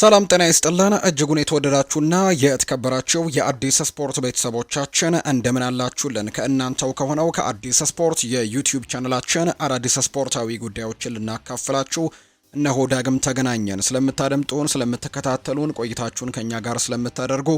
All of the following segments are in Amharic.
ሰላም ጤና ይስጥልን እጅጉን የተወደዳችሁና የተከበራችሁ የአዲስ ስፖርት ቤተሰቦቻችን እንደምን አላችሁልን? ከእናንተው ከሆነው ከአዲስ ስፖርት የዩቲዩብ ቻነላችን አዳዲስ ስፖርታዊ ጉዳዮችን ልናካፍላችሁ እነሆ ዳግም ተገናኘን። ስለምታደምጡን፣ ስለምትከታተሉን፣ ቆይታችሁን ከእኛ ጋር ስለምታደርጉ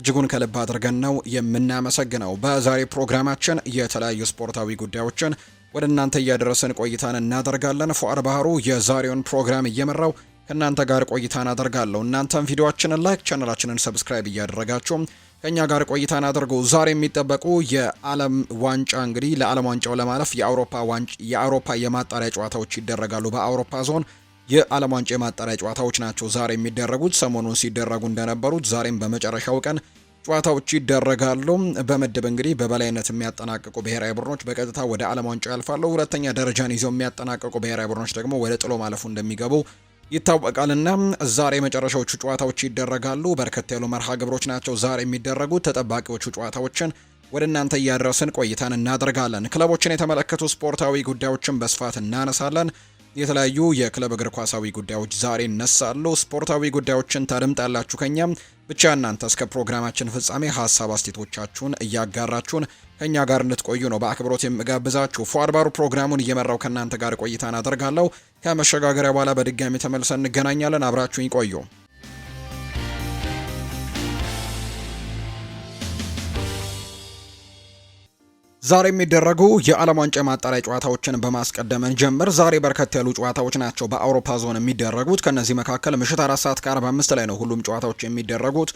እጅጉን ከልብ አድርገን ነው የምናመሰግነው። በዛሬ ፕሮግራማችን የተለያዩ ስፖርታዊ ጉዳዮችን ወደ እናንተ እያደረስን ቆይታን እናደርጋለን። ፉአድ ባህሩ የዛሬውን ፕሮግራም እየመራው ከእናንተ ጋር ቆይታን አደርጋለሁ። እናንተም ቪዲዮችንን ላይክ፣ ቻነላችንን ሰብስክራይብ እያደረጋችሁ ከእኛ ጋር ቆይታን አድርጉ። ዛሬ የሚጠበቁ የዓለም ዋንጫ እንግዲህ ለዓለም ዋንጫው ለማለፍ የአውሮፓ የአውሮፓ የማጣሪያ ጨዋታዎች ይደረጋሉ። በአውሮፓ ዞን የዓለም ዋንጫ የማጣሪያ ጨዋታዎች ናቸው ዛሬ የሚደረጉት። ሰሞኑን ሲደረጉ እንደነበሩት ዛሬም በመጨረሻው ቀን ጨዋታዎች ይደረጋሉ። በምድብ እንግዲህ በበላይነት የሚያጠናቅቁ ብሔራዊ ቡድኖች በቀጥታ ወደ ዓለም ዋንጫው ያልፋሉ። ሁለተኛ ደረጃን ይዘው የሚያጠናቅቁ ብሔራዊ ቡድኖች ደግሞ ወደ ጥሎ ማለፉ እንደሚገቡ ይታወቃልና ዛሬ የመጨረሻዎቹ ጨዋታዎች ይደረጋሉ። በርከት ያሉ መርሃ ግብሮች ናቸው ዛሬ የሚደረጉት። ተጠባቂዎቹ ጨዋታዎችን ወደ እናንተ እያደረስን ቆይታን እናደርጋለን። ክለቦችን የተመለከቱ ስፖርታዊ ጉዳዮችን በስፋት እናነሳለን። የተለያዩ የክለብ እግር ኳሳዊ ጉዳዮች ዛሬ ይነሳሉ። ስፖርታዊ ጉዳዮችን ታደምጣላችሁ ከኛም ብቻ እናንተ እስከ ፕሮግራማችን ፍጻሜ ሀሳብ አስቴቶቻችሁን እያጋራችሁን ከእኛ ጋር እንድትቆዩ ነው በአክብሮት የምጋብዛችሁ። ፏአድባሩ ፕሮግራሙን እየመራው ከእናንተ ጋር ቆይታን አደርጋለሁ። ከመሸጋገሪያ በኋላ በድጋሚ ተመልሰን እንገናኛለን። አብራችሁኝ ቆዩ። ዛሬ የሚደረጉ የዓለም ዋንጫ ማጣሪያ ጨዋታዎችን በማስቀደም ጀምር ዛሬ በርከት ያሉ ጨዋታዎች ናቸው በአውሮፓ ዞን የሚደረጉት። ከእነዚህ መካከል ምሽት አራት ሰዓት ከአርባ አምስት ላይ ነው ሁሉም ጨዋታዎች የሚደረጉት።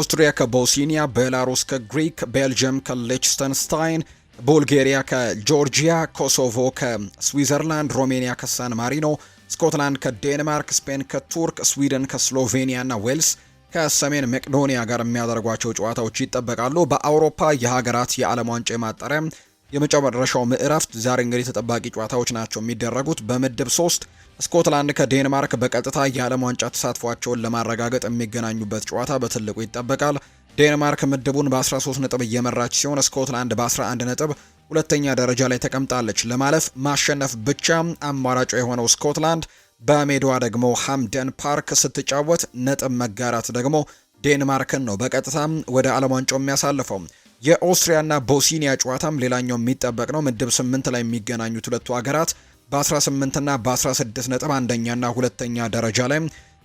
ኦስትሪያ ከቦስኒያ፣ ቤላሩስ ከግሪክ፣ ቤልጅየም ከሌችስተንስታይን ቡልጌሪያ ከጆርጂያ፣ ኮሶቮ ከስዊዘርላንድ፣ ሮሜኒያ ከሳን ማሪኖ፣ ስኮትላንድ ከዴንማርክ፣ ስፔን ከቱርክ፣ ስዊድን ከስሎቬኒያ ና ዌልስ ከሰሜን መቄዶኒያ ጋር የሚያደርጓቸው ጨዋታዎች ይጠበቃሉ። በአውሮፓ የሀገራት የዓለም ዋንጫ ማጣሪያ የመጨረሻው ምዕራፍ ዛሬ እንግዲህ ተጠባቂ ጨዋታዎች ናቸው የሚደረጉት። በምድብ ሶስት ስኮትላንድ ከዴንማርክ በቀጥታ የዓለም ዋንጫ ተሳትፏቸውን ለማረጋገጥ የሚገናኙበት ጨዋታ በትልቁ ይጠበቃል። ዴንማርክ ምድቡን በ13 ነጥብ እየመራች ሲሆን ስኮትላንድ በ11 ነጥብ ሁለተኛ ደረጃ ላይ ተቀምጣለች። ለማለፍ ማሸነፍ ብቻ አማራጩ የሆነው ስኮትላንድ በሜዷ ደግሞ ሃምደን ፓርክ ስትጫወት ነጥብ መጋራት ደግሞ ዴንማርክን ነው በቀጥታ ወደ ዓለም ዋንጫው የሚያሳልፈው። የኦስትሪያና ቦሲኒያ ጨዋታም ሌላኛው የሚጠበቅ ነው። ምድብ 8 ላይ የሚገናኙት ሁለቱ ሀገራት በ18ና በ16 ነጥብ አንደኛና ሁለተኛ ደረጃ ላይ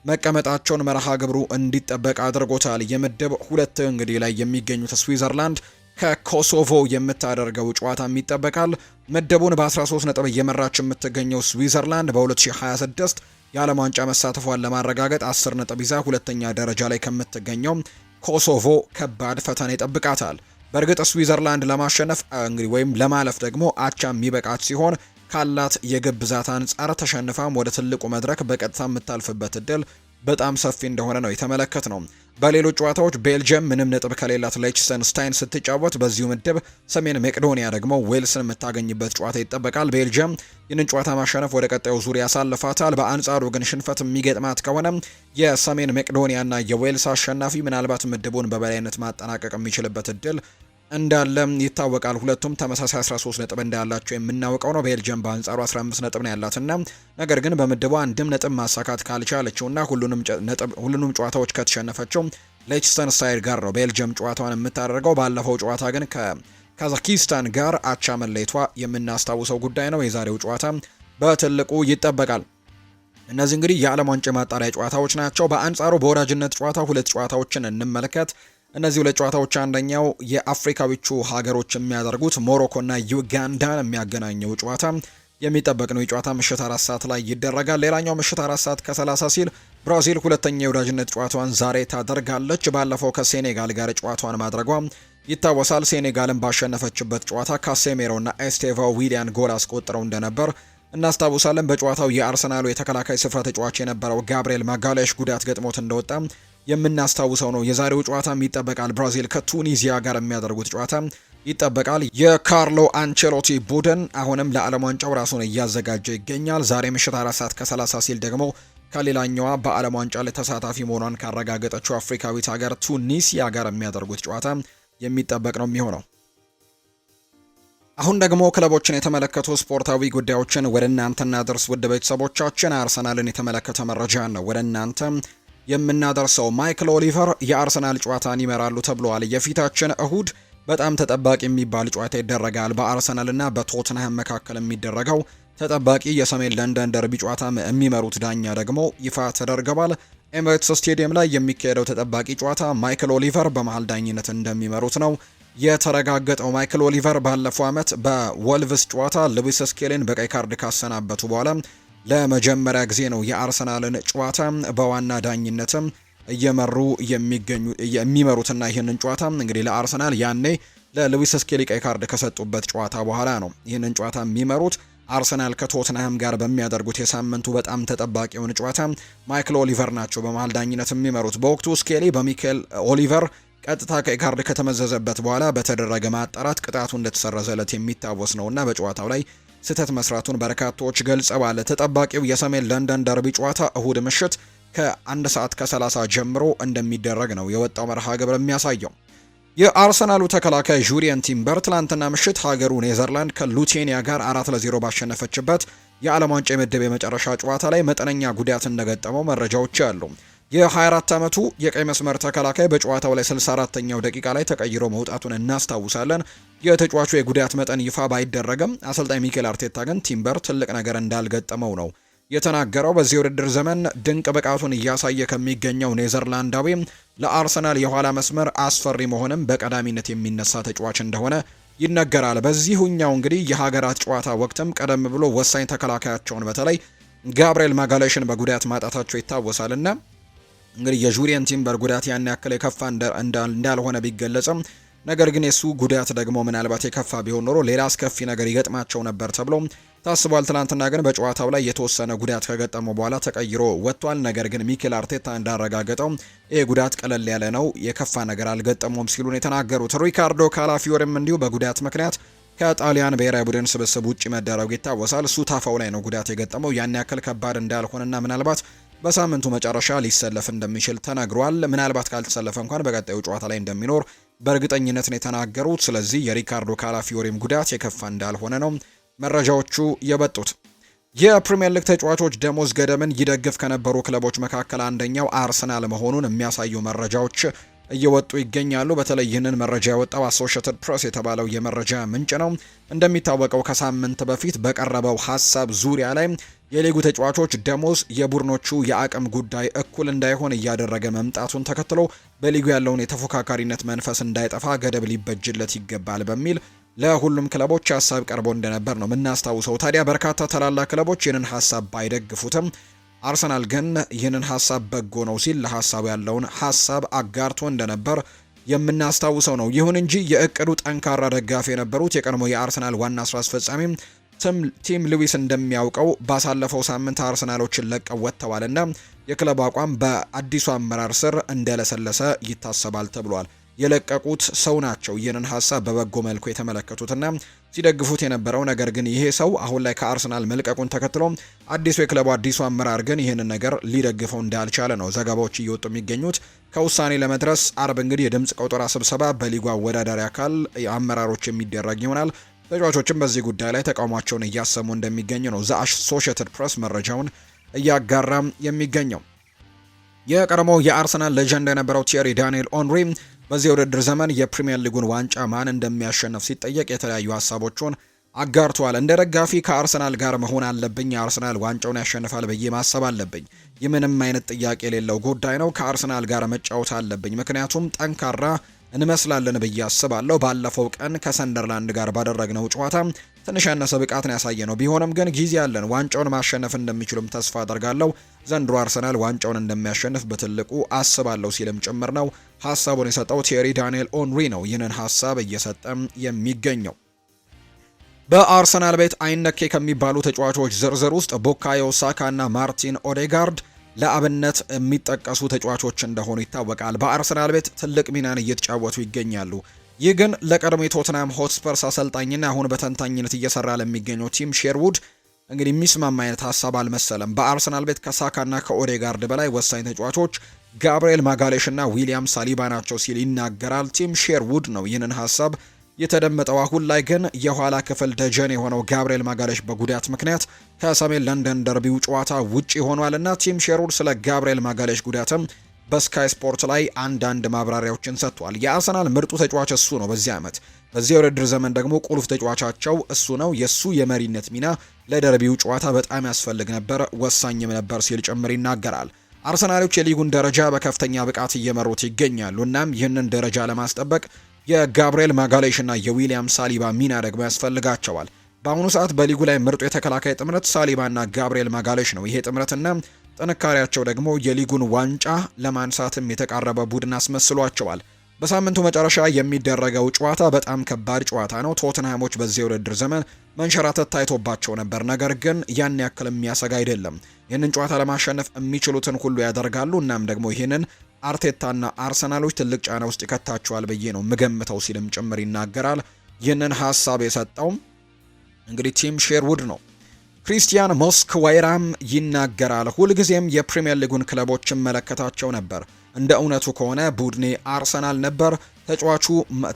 መቀመጣቸውን መርሃ ግብሩ እንዲጠበቅ አድርጎታል። የምድብ ሁለት እንግዲህ ላይ የሚገኙት ስዊዘርላንድ ከኮሶቮ የምታደርገው ጨዋታም ይጠበቃል። ምድቡን በ13 ነጥብ እየመራች የምትገኘው ስዊዘርላንድ በ2026 የዓለም ዋንጫ መሳተፏን ለማረጋገጥ 10 ነጥብ ይዛ ሁለተኛ ደረጃ ላይ ከምትገኘው ኮሶቮ ከባድ ፈተና ይጠብቃታል። በእርግጥ ስዊዘርላንድ ለማሸነፍ እንግዲህ ወይም ለማለፍ ደግሞ አቻ የሚበቃት ሲሆን ካላት የግብ ብዛት አንጻር ተሸንፋም ወደ ትልቁ መድረክ በቀጥታ የምታልፍበት እድል በጣም ሰፊ እንደሆነ ነው የተመለከት ነው። በሌሎች ጨዋታዎች ቤልጅየም ምንም ነጥብ ከሌላት ስታይን ስትጫወት፣ በዚሁ ምድብ ሰሜን መቄዶኒያ ደግሞ ዌልስን የምታገኝበት ጨዋታ ይጠበቃል። ቤልጅየም ይህንን ጨዋታ ማሸነፍ ወደ ቀጣዩ ዙር ያሳልፋታል። በአንጻሩ ግን ሽንፈት የሚገጥማት ከሆነ የሰሜን መቄዶኒያና የዌልስ አሸናፊ ምናልባት ምድቡን በበላይነት ማጠናቀቅ የሚችልበት እድል እንዳለ ይታወቃል። ሁለቱም ተመሳሳይ 13 ነጥብ እንዳላቸው የምናውቀው ነው። ቤልጅየም በአንጻሩ 15 ነጥብ ነው ያላትና ነገር ግን በምድቡ አንድም ነጥብ ማሳካት ካልቻለችውና ሁሉንም ነጥብ ሁሉንም ጨዋታዎች ከተሸነፈችው ሌችስተንሳይድ ጋር ነው ቤልጅየም ጨዋታዋን የምታደርገው። ባለፈው ጨዋታ ግን ከካዛኪስታን ጋር አቻ መለየቷ የምናስታውሰው ጉዳይ ነው። የዛሬው ጨዋታ በትልቁ ይጠበቃል። እነዚህ እንግዲህ የዓለም ዋንጫ ማጣሪያ ጨዋታዎች ናቸው። በአንጻሩ በወዳጅነት ጨዋታ ሁለት ጨዋታዎችን እንመልከት። እነዚህ ሁለት ጨዋታዎች አንደኛው የአፍሪካዊቹ ሀገሮች የሚያደርጉት ሞሮኮና ዩጋንዳን የሚያገናኘው ጨዋታ የሚጠበቅ ነው። የጨዋታ ምሽት አራት ሰዓት ላይ ይደረጋል። ሌላኛው ምሽት አራት ሰዓት ከሰላሳ ሲል ብራዚል ሁለተኛ የወዳጅነት ጨዋታዋን ዛሬ ታደርጋለች። ባለፈው ከሴኔጋል ጋር ጨዋታዋን ማድረጓ ይታወሳል። ሴኔጋልን ባሸነፈችበት ጨዋታ ካሴሜሮና ኤስቴቫ ዊሊያን ጎል አስቆጥረው እንደነበር እናስታውሳለን። በጨዋታው የአርሰናሉ የተከላካይ ስፍራ ተጫዋች የነበረው ጋብርኤል ማጋሌሽ ጉዳት ገጥሞት እንደወጣ የምናስታውሰው ነው። የዛሬው ጨዋታም ይጠበቃል። ብራዚል ከቱኒዚያ ጋር የሚያደርጉት ጨዋታ ይጠበቃል። የካርሎ አንቸሎቲ ቡድን አሁንም ለዓለም ዋንጫው ራሱን እያዘጋጀ ይገኛል። ዛሬ ምሽት አራት ሰዓት ከ30 ሲል ደግሞ ከሌላኛዋ በዓለም ዋንጫ ላይ ተሳታፊ መሆኗን ካረጋገጠችው አፍሪካዊት ሀገር ቱኒሲያ ጋር የሚያደርጉት ጨዋታ የሚጠበቅ ነው የሚሆነው። አሁን ደግሞ ክለቦችን የተመለከቱ ስፖርታዊ ጉዳዮችን ወደ እናንተ እናድርስ። ውድ ቤተሰቦቻችን አርሰናልን የተመለከተ መረጃ ነው ወደ እናንተ የምናደርሰው ማይክል ኦሊቨር የአርሰናል ጨዋታን ይመራሉ ተብሏል የፊታችን እሁድ በጣም ተጠባቂ የሚባል ጨዋታ ይደረጋል። በአርሰናልና በቶትንሃም መካከል የሚደረገው ተጠባቂ የሰሜን ለንደን ደርቢ ጨዋታ የሚመሩት ዳኛ ደግሞ ይፋ ተደርገዋል። ኤምሬትስ ስቴዲየም ላይ የሚካሄደው ተጠባቂ ጨዋታ ማይክል ኦሊቨር በመሀል ዳኝነት እንደሚመሩት ነው የተረጋገጠው ማይክል ኦሊቨር ባለፈው ዓመት በወልቭስ ጨዋታ ልዊስ ስኬሊን በቀይ ካርድ ካሰናበቱ በኋላ ለመጀመሪያ ጊዜ ነው የአርሰናልን ጨዋታ በዋና ዳኝነትም እየመሩ የሚገኙ የሚመሩትና ይህንን ጨዋታ እንግዲህ ለአርሰናል ያኔ ለሉዊስ ስኬሊ ቀይ ካርድ ከሰጡበት ጨዋታ በኋላ ነው ይህንን ጨዋታ የሚመሩት። አርሰናል ከቶትንሃም ጋር በሚያደርጉት የሳምንቱ በጣም የሆነ ጨዋታ ማይክል ኦሊቨር ናቸው በመሀል ዳኝነት የሚመሩት። በወቅቱ ስኬሊ በሚካኤል ኦሊቨር ቀጥታ ቀይ ካርድ ከተመዘዘበት በኋላ በተደረገ ማጣራት ቅጣቱ እንደተሰረዘለት የሚታወስ ነውና በጨዋታው ላይ ስህተት መስራቱን በርካቶች ገልጸዋል። ተጠባቂው የሰሜን ለንደን ደርቢ ጨዋታ እሁድ ምሽት ከአንድ ሰዓት ከ30 ጀምሮ እንደሚደረግ ነው የወጣው መርሃ ግብር የሚያሳየው። የአርሰናሉ ተከላካይ ጁሪየን ቲምበር ትላንትና ምሽት ሀገሩ ኔዘርላንድ ከሉቴኒያ ጋር አራት ለዜሮ ባሸነፈችበት የዓለም ዋንጫ የምድብ የመጨረሻ ጨዋታ ላይ መጠነኛ ጉዳት እንደገጠመው መረጃዎች አሉ። የ24 ዓመቱ የቀይ መስመር ተከላካይ በጨዋታው ላይ 64ኛው ደቂቃ ላይ ተቀይሮ መውጣቱን እናስታውሳለን። የተጫዋቹ የጉዳት መጠን ይፋ ባይደረግም አሰልጣኝ ሚኬል አርቴታ ግን ቲምበር ትልቅ ነገር እንዳልገጠመው ነው የተናገረው። በዚህ ውድድር ዘመን ድንቅ ብቃቱን እያሳየ ከሚገኘው ኔዘርላንዳዊ ለአርሰናል የኋላ መስመር አስፈሪ መሆንም በቀዳሚነት የሚነሳ ተጫዋች እንደሆነ ይነገራል። በዚሁኛው እንግዲህ የሀገራት ጨዋታ ወቅትም ቀደም ብሎ ወሳኝ ተከላካያቸውን በተለይ ጋብርኤል ማጋለሽን በጉዳት ማጣታቸው ይታወሳልና እንግዲህ የጁሪየን ቲምበር ጉዳት ያን ያክል የከፋ እንዳልሆነ ቢገለጽም ነገር ግን የሱ ጉዳት ደግሞ ምናልባት የከፋ ቢሆን ኖሮ ሌላ አስከፊ ነገር ይገጥማቸው ነበር ተብሎ ታስቧል። ትናንትና ግን በጨዋታው ላይ የተወሰነ ጉዳት ከገጠመው በኋላ ተቀይሮ ወጥቷል። ነገር ግን ሚኬል አርቴታ እንዳረጋገጠው ይህ ጉዳት ቀለል ያለ ነው፣ የከፋ ነገር አልገጠመውም ሲሉ የተናገሩት። ሪካርዶ ካላፊዮርም እንዲሁ በጉዳት ምክንያት ከጣሊያን ብሔራዊ ቡድን ስብስብ ውጭ መደረጉ ይታወሳል። እሱ ታፋው ላይ ነው ጉዳት የገጠመው ያን ያክል ከባድ እንዳልሆነና ምናልባት በሳምንቱ መጨረሻ ሊሰለፍ እንደሚችል ተነግሯል። ምናልባት ካልተሰለፈ እንኳን በቀጣዩ ጨዋታ ላይ እንደሚኖር በእርግጠኝነት ነው የተናገሩት። ስለዚህ የሪካርዶ ካላፊዮሪም ጉዳት የከፋ እንዳልሆነ ነው መረጃዎቹ የበጡት። የፕሪምየር ሊግ ተጫዋቾች ደሞዝ ገደምን ይደግፍ ከነበሩ ክለቦች መካከል አንደኛው አርሰናል መሆኑን የሚያሳዩ መረጃዎች እየወጡ ይገኛሉ። በተለይ ይህንን መረጃ ያወጣው አሶሽትድ ፕሬስ የተባለው የመረጃ ምንጭ ነው። እንደሚታወቀው ከሳምንት በፊት በቀረበው ሀሳብ ዙሪያ ላይ የሊጉ ተጫዋቾች ደሞዝ የቡድኖቹ የአቅም ጉዳይ እኩል እንዳይሆን እያደረገ መምጣቱን ተከትሎ በሊጉ ያለውን የተፎካካሪነት መንፈስ እንዳይጠፋ ገደብ ሊበጅለት ይገባል በሚል ለሁሉም ክለቦች ሀሳብ ቀርቦ እንደነበር ነው የምናስታውሰው። ታዲያ በርካታ ታላላቅ ክለቦች ይህንን ሀሳብ ባይደግፉትም አርሰናል ግን ይህንን ሀሳብ በጎ ነው ሲል ለሀሳቡ ያለውን ሀሳብ አጋርቶ እንደነበር የምናስታውሰው ነው። ይሁን እንጂ የእቅዱ ጠንካራ ደጋፊ የነበሩት የቀድሞ የአርሰናል ዋና ስራ አስፈጻሚ ቲም ሉዊስ እንደሚያውቀው ባሳለፈው ሳምንት አርሰናሎችን ለቀው ወጥተዋልና የክለብ አቋም በአዲሱ አመራር ስር እንደለሰለሰ ይታሰባል ተብሏል። የለቀቁት ሰው ናቸው። ይህንን ሀሳብ በበጎ መልኩ የተመለከቱትና ሲደግፉት የነበረው ነገር ግን ይሄ ሰው አሁን ላይ ከአርሰናል መልቀቁን ተከትሎ አዲሱ የክለቡ አዲሱ አመራር ግን ይህንን ነገር ሊደግፈው እንዳልቻለ ነው ዘገባዎች እየወጡ የሚገኙት። ከውሳኔ ለመድረስ አርብ እንግዲህ የድምፅ ቆጠራ ስብሰባ በሊጉ አወዳዳሪ አካል አመራሮች የሚደረግ ይሆናል። ተጫዋቾችም በዚህ ጉዳይ ላይ ተቃውሟቸውን እያሰሙ እንደሚገኙ ነው ዘአሶሽየትድ ፕሬስ መረጃውን እያጋራም የሚገኘው። የቀድሞው የአርሰናል ሌጀንድ የነበረው ቲየሪ ዳንኤል ኦንሪ በዚህ ውድድር ዘመን የፕሪምየር ሊጉን ዋንጫ ማን እንደሚያሸንፍ ሲጠየቅ የተለያዩ ሀሳቦችን አጋርተዋል። እንደ ደጋፊ ከአርሰናል ጋር መሆን አለብኝ፣ የአርሰናል ዋንጫውን ያሸንፋል ብዬ ማሰብ አለብኝ። ይህ ምንም አይነት ጥያቄ የሌለው ጉዳይ ነው። ከአርሰናል ጋር መጫወት አለብኝ፣ ምክንያቱም ጠንካራ እንመስላለን ብዬ አስባለሁ። ባለፈው ቀን ከሰንደርላንድ ጋር ባደረግነው ጨዋታ ትንሽ ያነሰ ብቃት ነው ያሳየ ነው። ቢሆንም ግን ጊዜ ያለን ዋንጫውን ማሸነፍ እንደሚችሉም ተስፋ አደርጋለሁ። ዘንድሮ አርሰናል ዋንጫውን እንደሚያሸንፍ በትልቁ አስባለሁ ሲልም ጭምር ነው ሀሳቡን የሰጠው ቴሪ ዳንኤል ኦንሪ ነው ይህንን ሀሳብ እየሰጠም የሚገኘው። በአርሰናል ቤት አይነኬ ከሚባሉ ተጫዋቾች ዝርዝር ውስጥ ቡካዮ ሳካ እና ማርቲን ኦዴጋርድ ለአብነት የሚጠቀሱ ተጫዋቾች እንደሆኑ ይታወቃል። በአርሰናል ቤት ትልቅ ሚናን እየተጫወቱ ይገኛሉ። ይህ ግን ለቀድሞ የቶትናም ሆትስፐርስ አሰልጣኝና አሁን በተንታኝነት እየሰራ ለሚገኘው ቲም ሼርውድ እንግዲህ የሚስማማ አይነት ሀሳብ አልመሰለም። በአርሰናል ቤት ከሳካና ከኦዴጋርድ በላይ ወሳኝ ተጫዋቾች ጋብርኤል ማጋሌሽና ዊሊያም ሳሊባ ናቸው ሲል ይናገራል። ቲም ሼርውድ ነው ይህንን ሀሳብ የተደመጠው። አሁን ላይ ግን የኋላ ክፍል ደጀን የሆነው ጋብርኤል ማጋሌሽ በጉዳት ምክንያት ከሰሜን ለንደን ደርቢው ጨዋታ ውጪ ሆኗልና ቲም ሼርውድ ስለ ጋብርኤል ማጋሌሽ ጉዳትም በስካይ ስፖርት ላይ አንዳንድ ማብራሪያዎችን ሰጥቷል። የአርሰናል ምርጡ ተጫዋች እሱ ነው በዚህ ዓመት። በዚህ የውድድር ዘመን ደግሞ ቁልፍ ተጫዋቻቸው እሱ ነው። የእሱ የመሪነት ሚና ለደርቢው ጨዋታ በጣም ያስፈልግ ነበር፣ ወሳኝም ነበር ሲል ጭምር ይናገራል። አርሰናሎች የሊጉን ደረጃ በከፍተኛ ብቃት እየመሩት ይገኛሉ። እናም ይህንን ደረጃ ለማስጠበቅ የጋብርኤል ማጋሌሽ እና የዊሊያም ሳሊባ ሚና ደግሞ ያስፈልጋቸዋል። በአሁኑ ሰዓት በሊጉ ላይ ምርጡ የተከላካይ ጥምረት ሳሊባና ጋብርኤል ማጋሌሽ ነው። ይሄ ጥምረትና ጥንካሬያቸው ደግሞ የሊጉን ዋንጫ ለማንሳትም የተቃረበ ቡድን አስመስሏቸዋል። በሳምንቱ መጨረሻ የሚደረገው ጨዋታ በጣም ከባድ ጨዋታ ነው። ቶትንሃሞች በዚህ የውድድር ዘመን መንሸራተት ታይቶባቸው ነበር፣ ነገር ግን ያን ያክል የሚያሰጋ አይደለም። ይህንን ጨዋታ ለማሸነፍ የሚችሉትን ሁሉ ያደርጋሉ። እናም ደግሞ ይህንን አርቴታና አርሰናሎች ትልቅ ጫና ውስጥ ይከታቸዋል ብዬ ነው ምገምተው ሲልም ጭምር ይናገራል። ይህንን ሀሳብ የሰጠውም እንግዲህ ቲም ሼርውድ ነው። ክሪስቲያን ሞስክዌይራም ይናገራል። ሁልጊዜም የፕሪምየር ሊጉን ክለቦች እመለከታቸው ነበር። እንደ እውነቱ ከሆነ ቡድኔ አርሰናል ነበር።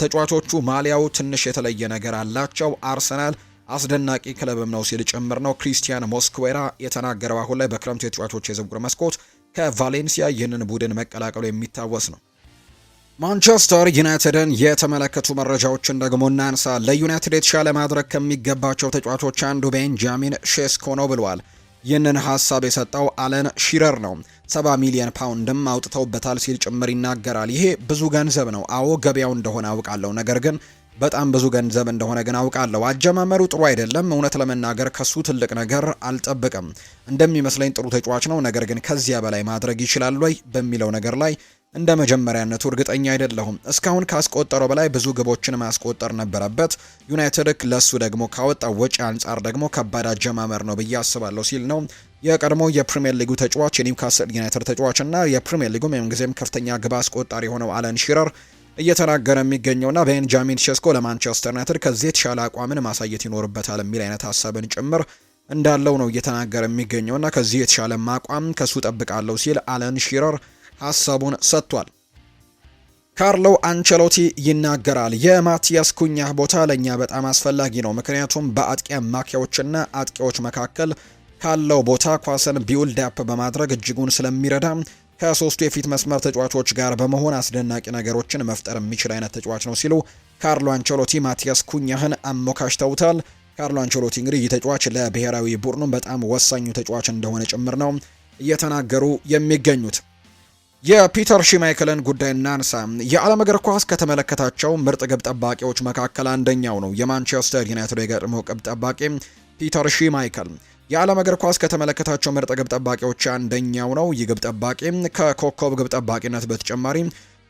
ተጫዋቾቹ ማሊያው ትንሽ የተለየ ነገር አላቸው። አርሰናል አስደናቂ ክለብም ነው ሲል ጭምር ነው ክሪስቲያን ሞስክዌራ የተናገረው። አሁን ላይ በክረምቱ የተጫዋቾች የዝውውር መስኮት ከቫሌንሲያ ይህንን ቡድን መቀላቀሉ የሚታወስ ነው። ማንቸስተር ዩናይትድን የተመለከቱ መረጃዎችን ደግሞ እናንሳ። ለዩናይትድ የተሻለ ማድረግ ከሚገባቸው ተጫዋቾች አንዱ ቤንጃሚን ሼስኮ ነው ብለዋል። ይህንን ሀሳብ የሰጠው አለን ሺረር ነው። ሰባ ሚሊዮን ፓውንድም አውጥተውበታል ሲል ጭምር ይናገራል። ይሄ ብዙ ገንዘብ ነው። አዎ ገበያው እንደሆነ አውቃለሁ፣ ነገር ግን በጣም ብዙ ገንዘብ እንደሆነ ግን አውቃለሁ። አጀማመሩ ጥሩ አይደለም። እውነት ለመናገር ከሱ ትልቅ ነገር አልጠብቅም። እንደሚመስለኝ ጥሩ ተጫዋች ነው፣ ነገር ግን ከዚያ በላይ ማድረግ ይችላል ወይ በሚለው ነገር ላይ እንደ መጀመሪያነቱ እርግጠኛ አይደለሁም። እስካሁን ካስቆጠረው በላይ ብዙ ግቦችን ማስቆጠር ነበረበት። ዩናይትድ ለሱ ደግሞ ካወጣው ወጪ አንጻር ደግሞ ከባድ አጀማመር ነው ብዬ አስባለሁ ሲል ነው የቀድሞ የፕሪምየር ሊጉ ተጫዋች የኒውካስል ዩናይትድ ተጫዋች የፕሪምየር ሊጉ ምንጊዜም ከፍተኛ ግብ አስቆጣሪ የሆነው አለን ሺረር እየተናገረ የሚገኘውና ቤንጃሚን ሸስኮ ለማንቸስተር ዩናይትድ ከዚህ የተሻለ አቋምን ማሳየት ይኖርበታል የሚል አይነት ሀሳብን ጭምር እንዳለው ነው እየተናገረ የሚገኘውና ከዚህ የተሻለ አቋም ከሱ ጠብቃለሁ ሲል አለን ሺረር ሀሳቡን ሰጥቷል። ካርሎ አንቸሎቲ ይናገራል። የማቲያስ ኩኛህ ቦታ ለእኛ በጣም አስፈላጊ ነው፣ ምክንያቱም በአጥቂ አማካዮችና አጥቂዎች መካከል ካለው ቦታ ኳስን ቢውልድ አፕ በማድረግ እጅጉን ስለሚረዳ ከሶስቱ የፊት መስመር ተጫዋቾች ጋር በመሆን አስደናቂ ነገሮችን መፍጠር የሚችል አይነት ተጫዋች ነው ሲሉ ካርሎ አንቸሎቲ ማቲያስ ኩኛህን አሞካሽተውታል። ካርሎ አንቸሎቲ እንግዲህ ይህ ተጫዋች ለብሔራዊ ቡድኑም በጣም ወሳኙ ተጫዋች እንደሆነ ጭምር ነው እየተናገሩ የሚገኙት። የፒተር ሺማይክልን ጉዳይ እናንሳ። የዓለም እግር ኳስ ከተመለከታቸው ምርጥ ግብ ጠባቂዎች መካከል አንደኛው ነው። የማንቸስተር ዩናይትድ የቀድሞ ግብ ጠባቂ ፒተር ሺማይክል የዓለም እግር ኳስ ከተመለከታቸው ምርጥ ግብ ጠባቂዎች አንደኛው ነው። ይህ ግብ ጠባቂ ከኮከብ ግብ ጠባቂነት በተጨማሪ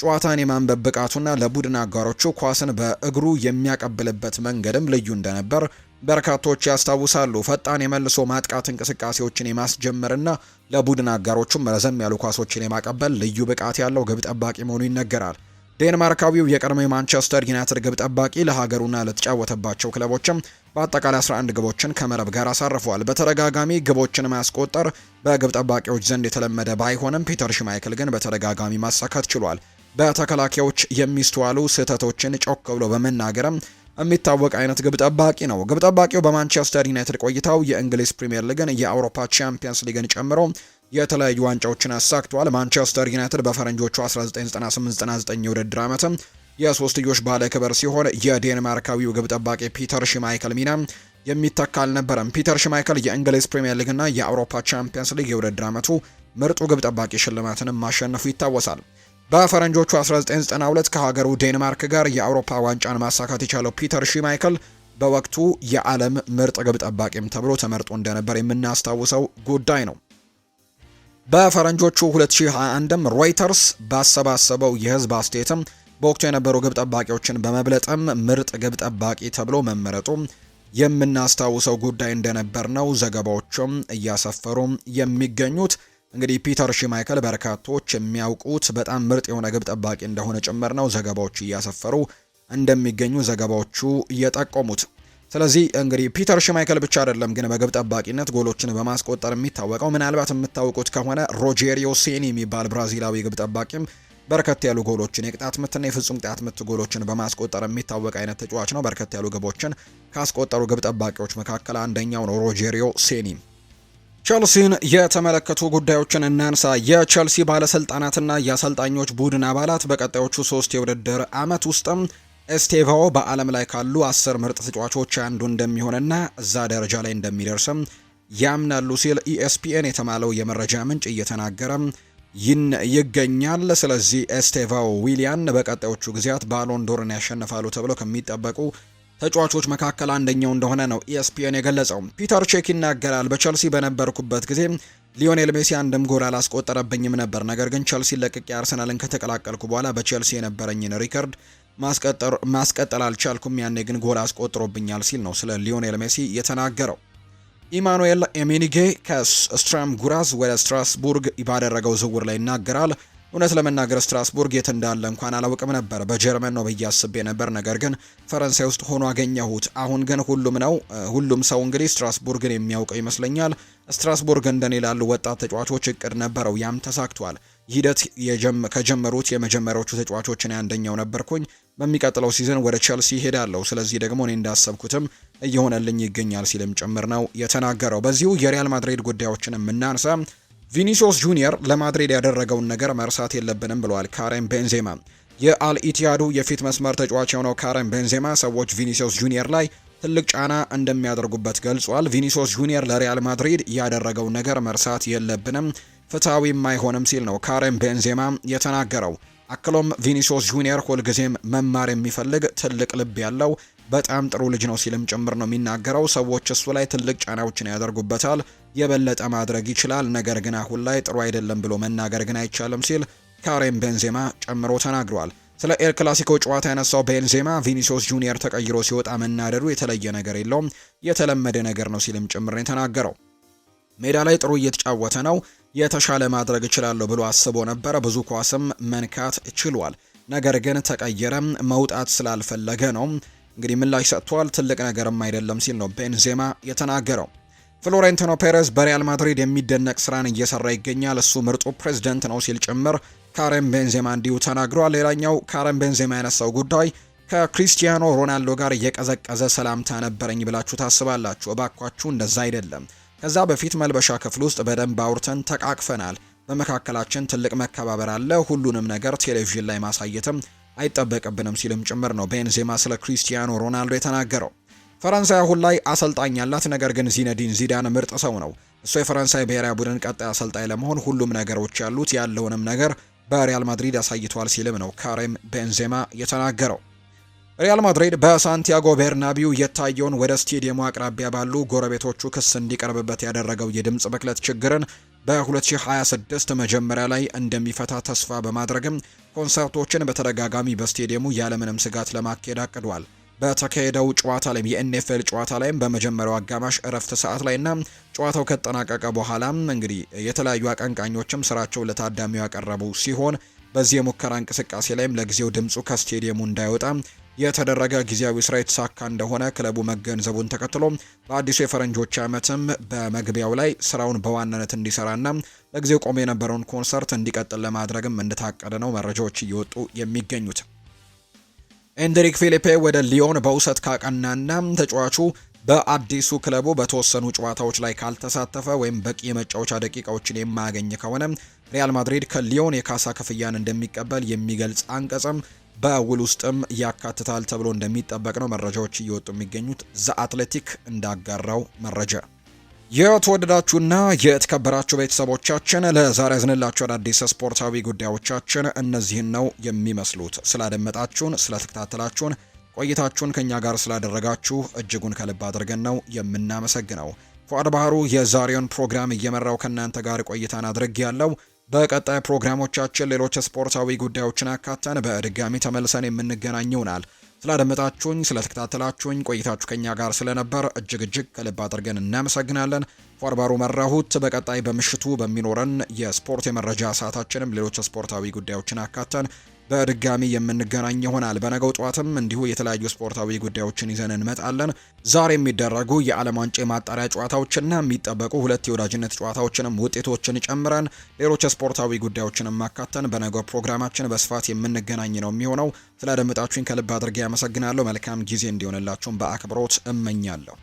ጨዋታን የማንበብ ብቃቱና ለቡድን አጋሮቹ ኳስን በእግሩ የሚያቀብልበት መንገድም ልዩ እንደነበር በርካቶች ያስታውሳሉ። ፈጣን የመልሶ ማጥቃት እንቅስቃሴዎችን የማስጀመርና ለቡድን አጋሮቹም ረዘም ያሉ ኳሶችን የማቀበል ልዩ ብቃት ያለው ግብ ጠባቂ መሆኑ ይነገራል። ዴንማርካዊው የቀድሞ የማንቸስተር ዩናይትድ ግብ ጠባቂ ለሀገሩና ለተጫወተባቸው ክለቦችም በአጠቃላይ 11 ግቦችን ከመረብ ጋር አሳርፏል በተደጋጋሚ ግቦችን ማስቆጠር በግብ ጠባቂዎች ዘንድ የተለመደ ባይሆንም ፒተር ሽማይክል ግን በተደጋጋሚ ማሳካት ችሏል። በተከላካዮች የሚስተዋሉ ስህተቶችን ጮክ ብሎ በመናገርም የሚታወቅ አይነት ግብ ጠባቂ ነው። ግብ ጠባቂው በማንቸስተር ዩናይትድ ቆይታው የእንግሊዝ ፕሪምየር ሊግን፣ የአውሮፓ ቻምፒየንስ ሊግን ጨምሮ የተለያዩ ዋንጫዎችን አሳክቷል። ማንቸስተር ዩናይትድ በፈረንጆቹ 1998/99 የውድድር ዓመትም የሶስትዮሽ ባለ ክብር ሲሆን የዴንማርካዊው ግብ ጠባቂ ፒተር ሽማይከል ሚና የሚተካ አልነበረም። ፒተር ሽማይከል የእንግሊዝ ፕሪምየር ሊግና የአውሮፓ ቻምፒየንስ ሊግ የውድድር ዓመቱ ምርጡ ግብ ጠባቂ ሽልማትንም ማሸነፉ ይታወሳል። በፈረንጆቹ 1992 ከሀገሩ ዴንማርክ ጋር የአውሮፓ ዋንጫን ማሳካት የቻለው ፒተር ማይከል በወቅቱ የዓለም ምርጥ ግብ ጠባቂም ተብሎ ተመርጦ እንደነበር የምናስታውሰው ጉዳይ ነው። በፈረንጆቹ 2021ም ሮይተርስ ባሰባሰበው የህዝብ አስተያየትም በወቅቱ የነበሩ ግብ ጠባቂዎችን በመብለጥም ምርጥ ግብ ጠባቂ ተብሎ መመረጡ የምናስታውሰው ጉዳይ እንደነበር ነው ዘገባዎቹም እያሰፈሩ የሚገኙት። እንግዲህ ፒተር ሽማይከል በርካቶች የሚያውቁት በጣም ምርጥ የሆነ ግብ ጠባቂ እንደሆነ ጭምር ነው ዘገባዎች እያሰፈሩ እንደሚገኙ ዘገባዎቹ እየጠቆሙት። ስለዚህ እንግዲህ ፒተር ሽማይከል ብቻ አይደለም ግን በግብ ጠባቂነት ጎሎችን በማስቆጠር የሚታወቀው። ምናልባት የምታውቁት ከሆነ ሮጄሪዮ ሴኒ የሚባል ብራዚላዊ ግብ ጠባቂም በርከት ያሉ ጎሎችን የቅጣት ምትና የፍጹም ቅጣት ምት ጎሎችን በማስቆጠር የሚታወቅ አይነት ተጫዋች ነው። በርከት ያሉ ግቦችን ካስቆጠሩ ግብ ጠባቂዎች መካከል አንደኛው ነው ሮጀሪዮ ሴኒ። ቸልሲን የተመለከቱ ጉዳዮችን እናንሳ። የቸልሲ ባለስልጣናትና የአሰልጣኞች ቡድን አባላት በቀጣዮቹ ሶስት የውድድር አመት ውስጥም ኤስቴቫኦ በዓለም ላይ ካሉ አስር ምርጥ ተጫዋቾች አንዱ እንደሚሆንና እዛ ደረጃ ላይ እንደሚደርስም ያምናሉ ሲል ኢኤስፒኤን e የተማለው የመረጃ ምንጭ እየተናገረ ይገኛል። ስለዚህ ኤስቴቫኦ ዊሊያን በቀጣዮቹ ጊዜያት ባሎንዶርን ያሸንፋሉ ተብሎ ከሚጠበቁ ተጫዋቾች መካከል አንደኛው እንደሆነ ነው ኢኤስፒኤን e የገለጸው። ፒተር ቼክ ይናገራል። በቸልሲ በነበርኩበት ጊዜ ሊዮኔል ሜሲ አንድም ጎል አላስቆጠረብኝም ነበር። ነገር ግን ቸልሲ ለቅቄ አርሰናልን ከተቀላቀልኩ በኋላ በቸልሲ የነበረኝን ሪከርድ ማስቀጠል አልቻልኩም። ያኔ ግን ጎል አስቆጥሮብኛል ሲል ነው ስለ ሊዮኔል ሜሲ የተናገረው። ኢማኑኤል ኤሚኒጌ ከስትራም ጉራዝ ወደ ስትራስቡርግ ባደረገው ዝውውር ላይ ይናገራል። እውነት ለመናገር ስትራስቡርግ የት እንዳለ እንኳን አላውቅም ነበር። በጀርመን ነው ብዬ አስቤ ነበር፣ ነገር ግን ፈረንሳይ ውስጥ ሆኖ አገኘሁት። አሁን ግን ሁሉም ነው ሁሉም ሰው እንግዲህ ስትራስቡርግን የሚያውቀው ይመስለኛል። ስትራስቡርግ እንደኔ ላሉ ወጣት ተጫዋቾች እቅድ ነበረው፣ ያም ተሳክቷል። ሂደት ከጀመሩት የመጀመሪያዎቹ ተጫዋቾችን አንደኛው ነበርኩኝ። በሚቀጥለው ሲዝን ወደ ቸልሲ ይሄዳለሁ። ስለዚህ ደግሞ እኔ እንዳሰብኩትም እየሆነልኝ ይገኛል ሲልም ጭምር ነው የተናገረው። በዚሁ የሪያል ማድሪድ ጉዳዮችን የምናንሳ ቪኒሲዮስ ጁኒየር ለማድሪድ ያደረገውን ነገር መርሳት የለብንም ብለዋል ካሬም ቤንዜማ። የአልኢቲያዱ የፊት መስመር ተጫዋች የሆነው ካሬም ቤንዜማ ሰዎች ቪኒሲዮስ ጁኒየር ላይ ትልቅ ጫና እንደሚያደርጉበት ገልጿል። ቪኒሲዮስ ጁኒየር ለሪያል ማድሪድ ያደረገው ነገር መርሳት የለብንም፣ ፍትሐዊም አይሆንም ሲል ነው ካሬም ቤንዜማ የተናገረው። አክሎም ቪኒሲዮስ ጁኒየር ሁልጊዜም መማር የሚፈልግ ትልቅ ልብ ያለው በጣም ጥሩ ልጅ ነው ሲልም ጭምር ነው የሚናገረው። ሰዎች እሱ ላይ ትልቅ ጫናዎችን ያደርጉበታል፣ የበለጠ ማድረግ ይችላል፣ ነገር ግን አሁን ላይ ጥሩ አይደለም ብሎ መናገር ግን አይቻልም ሲል ካሬም ቤንዜማ ጨምሮ ተናግሯል። ስለ ኤል ክላሲኮ ጨዋታ ያነሳው ቤንዜማ ቪኒሲዮስ ጁኒየር ተቀይሮ ሲወጣ መናደዱ የተለየ ነገር የለውም፣ የተለመደ ነገር ነው ሲልም ጭምር ነው የተናገረው። ሜዳ ላይ ጥሩ እየተጫወተ ነው፣ የተሻለ ማድረግ እችላለሁ ብሎ አስቦ ነበረ። ብዙ ኳስም መንካት ችሏል፣ ነገር ግን ተቀየረ መውጣት ስላልፈለገ ነው እንግዲህ ምላሽ ሰጥቷል። ትልቅ ነገርም አይደለም ሲል ነው ቤንዜማ የተናገረው። ፍሎሬንቲኖ ፔሬዝ በሪያል ማድሪድ የሚደነቅ ስራን እየሰራ ይገኛል። እሱ ምርጡ ፕሬዝደንት ነው ሲል ጭምር ካረም ቤንዜማ እንዲሁ ተናግሯል። ሌላኛው ካረም ቤንዜማ ያነሳው ጉዳይ ከክሪስቲያኖ ሮናልዶ ጋር እየቀዘቀዘ ሰላምታ ነበረኝ ብላችሁ ታስባላችሁ? እባኳችሁ እንደዛ አይደለም። ከዛ በፊት መልበሻ ክፍል ውስጥ በደንብ አውርተን ተቃቅፈናል። በመካከላችን ትልቅ መከባበር አለ። ሁሉንም ነገር ቴሌቪዥን ላይ ማሳየትም አይጠበቅብንም ሲልም ጭምር ነው ቤንዜማ ስለ ክሪስቲያኖ ሮናልዶ የተናገረው። ፈረንሳይ አሁን ላይ አሰልጣኝ ያላት፣ ነገር ግን ዚነዲን ዚዳን ምርጥ ሰው ነው። እሱ የፈረንሳይ ብሔራዊ ቡድን ቀጣይ አሰልጣኝ ለመሆን ሁሉም ነገሮች ያሉት፣ ያለውንም ነገር በሪያል ማድሪድ አሳይቷል ሲልም ነው ካሬም ቤንዜማ የተናገረው። ሪያል ማድሪድ በሳንቲያጎ ቤርናቢው የታየውን ወደ ስቴዲየሙ አቅራቢያ ባሉ ጎረቤቶቹ ክስ እንዲቀርብበት ያደረገው የድምፅ ብክለት ችግርን በ2026 መጀመሪያ ላይ እንደሚፈታ ተስፋ በማድረግም ኮንሰርቶችን በተደጋጋሚ በስቴዲየሙ ያለምንም ስጋት ለማካሄድ አቅዷል። በተካሄደው ጨዋታ ላይም የኤንኤፍኤል ጨዋታ ላይም በመጀመሪያው አጋማሽ እረፍት ሰዓት ላይና ጨዋታው ከተጠናቀቀ በኋላም እንግዲህ የተለያዩ አቀንቃኞችም ስራቸው ለታዳሚው ያቀረቡ ሲሆን በዚህ የሙከራ እንቅስቃሴ ላይም ለጊዜው ድምፁ ከስቴዲየሙ እንዳይወጣ የተደረገ ጊዜያዊ ስራ የተሳካ እንደሆነ ክለቡ መገንዘቡን ተከትሎ በአዲሱ የፈረንጆች ዓመትም በመግቢያው ላይ ስራውን በዋናነት እንዲሰራና ለጊዜው ቆሞ የነበረውን ኮንሰርት እንዲቀጥል ለማድረግም እንደታቀደ ነው መረጃዎች እየወጡ የሚገኙት። ኤንድሪክ ፊሊፔ ወደ ሊዮን በውሰት ካቀናና ተጫዋቹ በአዲሱ ክለቡ በተወሰኑ ጨዋታዎች ላይ ካልተሳተፈ ወይም በቂ የመጫወቻ ደቂቃዎችን የማያገኝ ከሆነ ሪያል ማድሪድ ከሊዮን የካሳ ክፍያን እንደሚቀበል የሚገልጽ አንቀጽም በውል ውስጥም ያካትታል ተብሎ እንደሚጠበቅ ነው መረጃዎች እየወጡ የሚገኙት። ዘ አትሌቲክ እንዳጋራው መረጃ የተወደዳችሁና የተከበራችሁ ቤተሰቦቻችን ለዛሬ ያዝንላችሁ አዳዲስ ስፖርታዊ ጉዳዮቻችን እነዚህን ነው የሚመስሉት። ስላደመጣችሁን፣ ስለተከታተላችሁን፣ ቆይታችሁን ከእኛ ጋር ስላደረጋችሁ እጅጉን ከልብ አድርገን ነው የምናመሰግነው። ፏድ ባህሩ የዛሬውን ፕሮግራም እየመራው ከእናንተ ጋር ቆይታን አድርግ ያለው በቀጣይ ፕሮግራሞቻችን ሌሎች ስፖርታዊ ጉዳዮችን አካተን በድጋሚ ተመልሰን የምንገናኝ ስላደመጣችሁኝ፣ ስለተከታተላችሁኝ ቆይታችሁ ከኛ ጋር ስለነበር እጅግ እጅግ ከልብ አድርገን እናመሰግናለን። ፎርባሩ መራሁት። በቀጣይ በምሽቱ በሚኖረን የስፖርት የመረጃ ሰዓታችንም ሌሎች ስፖርታዊ ጉዳዮችን አካተን በድጋሚ የምንገናኝ ይሆናል። በነገው ጠዋትም እንዲሁ የተለያዩ ስፖርታዊ ጉዳዮችን ይዘን እንመጣለን። ዛሬ የሚደረጉ የዓለም ዋንጫ የማጣሪያ ጨዋታዎችና የሚጠበቁ ሁለት የወዳጅነት ጨዋታዎችንም ውጤቶችን ጨምረን ሌሎች ስፖርታዊ ጉዳዮችንም ማካተን በነገው ፕሮግራማችን በስፋት የምንገናኝ ነው የሚሆነው። ስላደመጣችሁኝ ከልብ አድርጌ ያመሰግናለሁ። መልካም ጊዜ እንዲሆንላችሁም በአክብሮት እመኛለሁ።